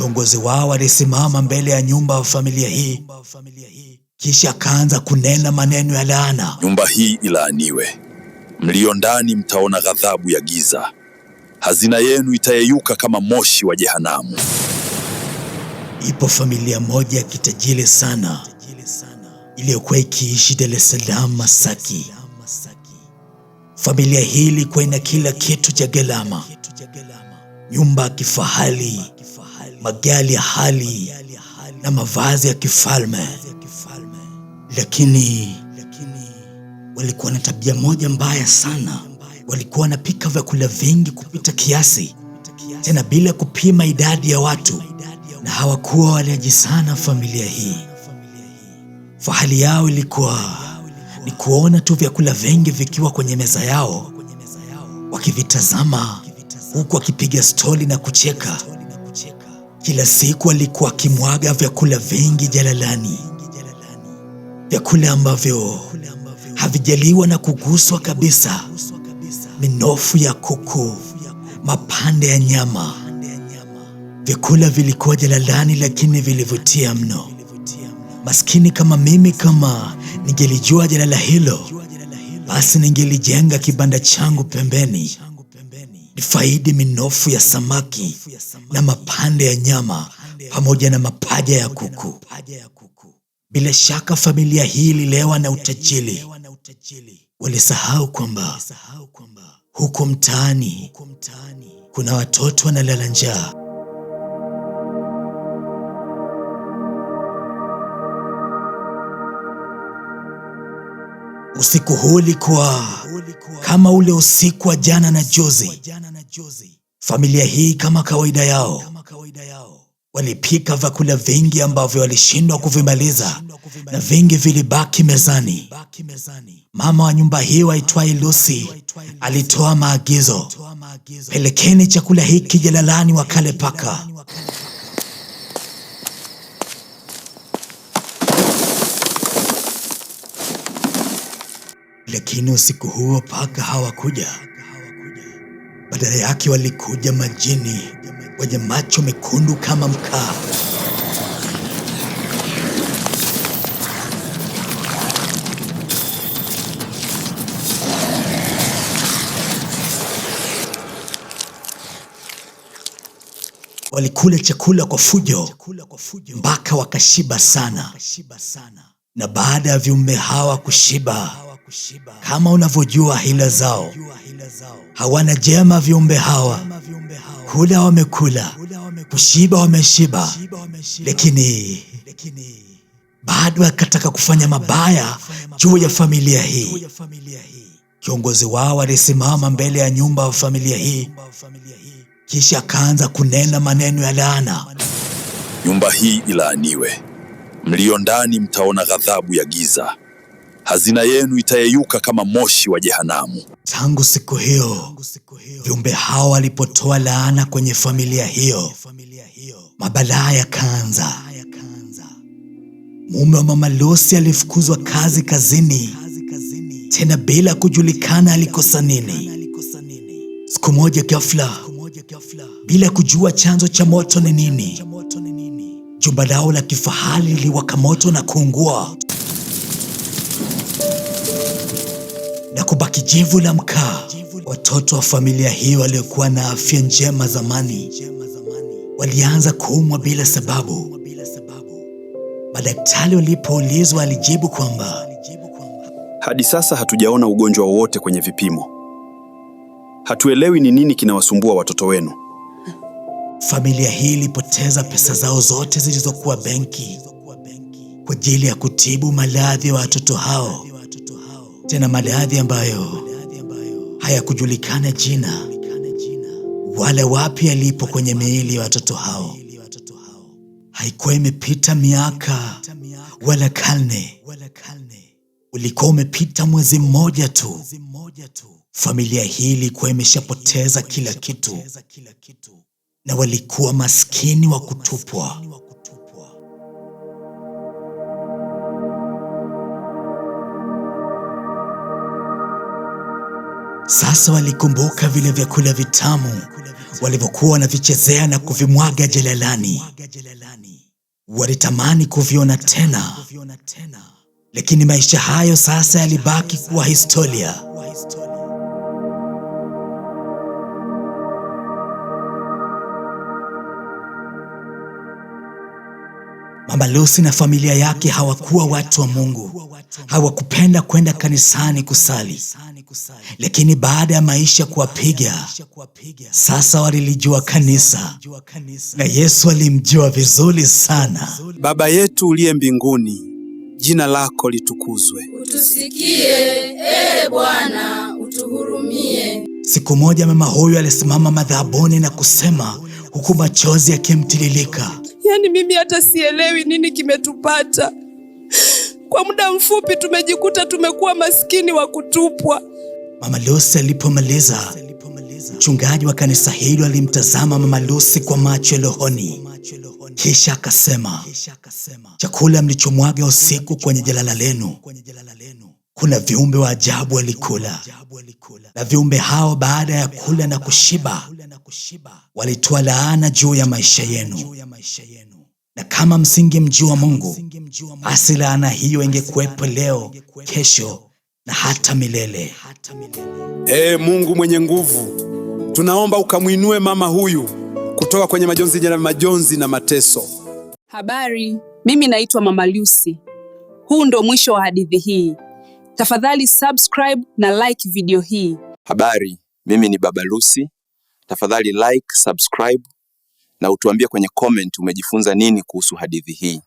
Kiongozi wao alisimama mbele ya nyumba ya familia hii, kisha akaanza kunena maneno ya laana: nyumba hii ilaaniwe, mlio ndani mtaona ghadhabu ya giza, hazina yenu itayeyuka kama moshi wa jehanamu. Ipo familia moja ya kitajiri sana iliyokuwa ikiishi Dar es Salaam, Masaki. Familia hii ilikuwa ina kila kitu cha gharama, nyumba ya kifahari, magali ya hali na mavazi ya kifalme, lakini walikuwa na tabia moja mbaya sana. Walikuwa wanapika vyakula vingi kupita kiasi, tena bila kupima idadi ya watu, na hawakuwa waliaji sana familia hii. Fahali yao ilikuwa ni kuona tu vyakula vingi vikiwa kwenye meza yao, wakivitazama huku wakipiga stori na kucheka kila siku alikuwa akimwaga vyakula vingi jalalani, vyakula ambavyo havijaliwa na kuguswa kabisa: minofu ya kuku, mapande ya nyama. Vyakula vilikuwa jalalani, lakini vilivutia mno. Maskini kama mimi, kama ningelijua jalala hilo, basi ningelijenga kibanda changu pembeni Ifaidi minofu ya samaki na mapande ya nyama pamoja na mapaja ya kuku. Bila shaka familia hii ililewa na utajiri. Walisahau kwamba huko mtaani kuna watoto wanalala njaa. Usiku huu ulikuwa kama ule usiku wa jana na juzi. Familia hii kama kawaida yao walipika vyakula vingi ambavyo walishindwa kuvimaliza na vingi vilibaki mezani. Mama wa nyumba hii waitwaye Lucy alitoa maagizo, pelekeni chakula hiki jalalani wakale paka. Lakini usiku huo paka hawakuja. Badala yake walikuja majini wenye macho mekundu kama mkaa. Walikula chakula kwa fujo mpaka wakashiba sana, na baada ya viumbe hawa kushiba kama unavyojua hila zao, hawana jema viumbe hawa, hula wamekula, kushiba wameshiba, lakini bado akataka kufanya mabaya juu ya familia hii. Kiongozi wao alisimama mbele ya nyumba wa familia hii, kisha akaanza kunena maneno ya laana: nyumba hii ilaaniwe, mlio ndani mtaona ghadhabu ya giza hazina yenu itayeyuka kama moshi wa jehanamu. Tangu siku hiyo viumbe hao walipotoa laana kwenye familia hiyo, mabalaa yakaanza. Mume wa mama Losi alifukuzwa kazi kazini, tena bila kujulikana alikosa nini. Siku moja ghafla, bila kujua chanzo cha moto ni nini, jumba lao la kifahari liliwaka moto na kuungua. na kubaki jivu la mkaa. Watoto wa familia hii waliokuwa na afya njema zamani walianza kuumwa bila sababu. Madaktari walipoulizwa, alijibu kwamba hadi sasa hatujaona ugonjwa wowote kwenye vipimo, hatuelewi ni nini kinawasumbua watoto wenu. Familia hii ilipoteza pesa zao zote zilizokuwa benki kwa ajili ya kutibu maradhi ya wa watoto hao tena maradhi ambayo hayakujulikana jina wala wapi alipo kwenye miili ya watoto hao. Haikuwa imepita miaka wala karne, ulikuwa umepita mwezi mmoja tu. Familia hii ilikuwa imeshapoteza kila kitu na walikuwa maskini wa kutupwa Sasa walikumbuka vile vyakula vitamu walivyokuwa wanavichezea na kuvimwaga jelalani. Walitamani kuviona tena, lakini maisha hayo sasa yalibaki kuwa historia. Mama Lucy na familia yake hawakuwa watu wa Mungu, hawakupenda kwenda kanisani kusali, lakini baada ya maisha kuwapiga sasa, walilijua kanisa na Yesu alimjua vizuri sana. Baba yetu uliye mbinguni, jina lako litukuzwe, utusikie ee Bwana, utuhurumie. Siku moja mama huyu alisimama madhabuni na kusema, huku machozi yakimtililika Yaani mimi hata sielewi nini kimetupata. Kwa muda mfupi tumejikuta tumekuwa maskini wa kutupwa. Mama Lucy alipomaliza, mchungaji wa kanisa hilo alimtazama Mama Lucy kwa macho rohoni, kisha akasema, chakula mlichomwaga usiku kwenye jalala lenu kuna viumbe wa ajabu walikula, na viumbe hao baada ya kula na kushiba walitoa laana juu ya maisha yenu, na kama msingi wa Mungu, basi laana hiyo ingekuwepo leo, kesho na hata milele. Ee Mungu mwenye nguvu, tunaomba ukamwinue mama huyu kutoka kwenye majonzi na majonzi na mateso. Habari, mimi naitwa Mama lusi Huu ndo mwisho wa hadithi hii. Tafadhali subscribe na like video hii. Habari, mimi ni Baba Lucy. Tafadhali like, subscribe na utuambie kwenye comment umejifunza nini kuhusu hadithi hii.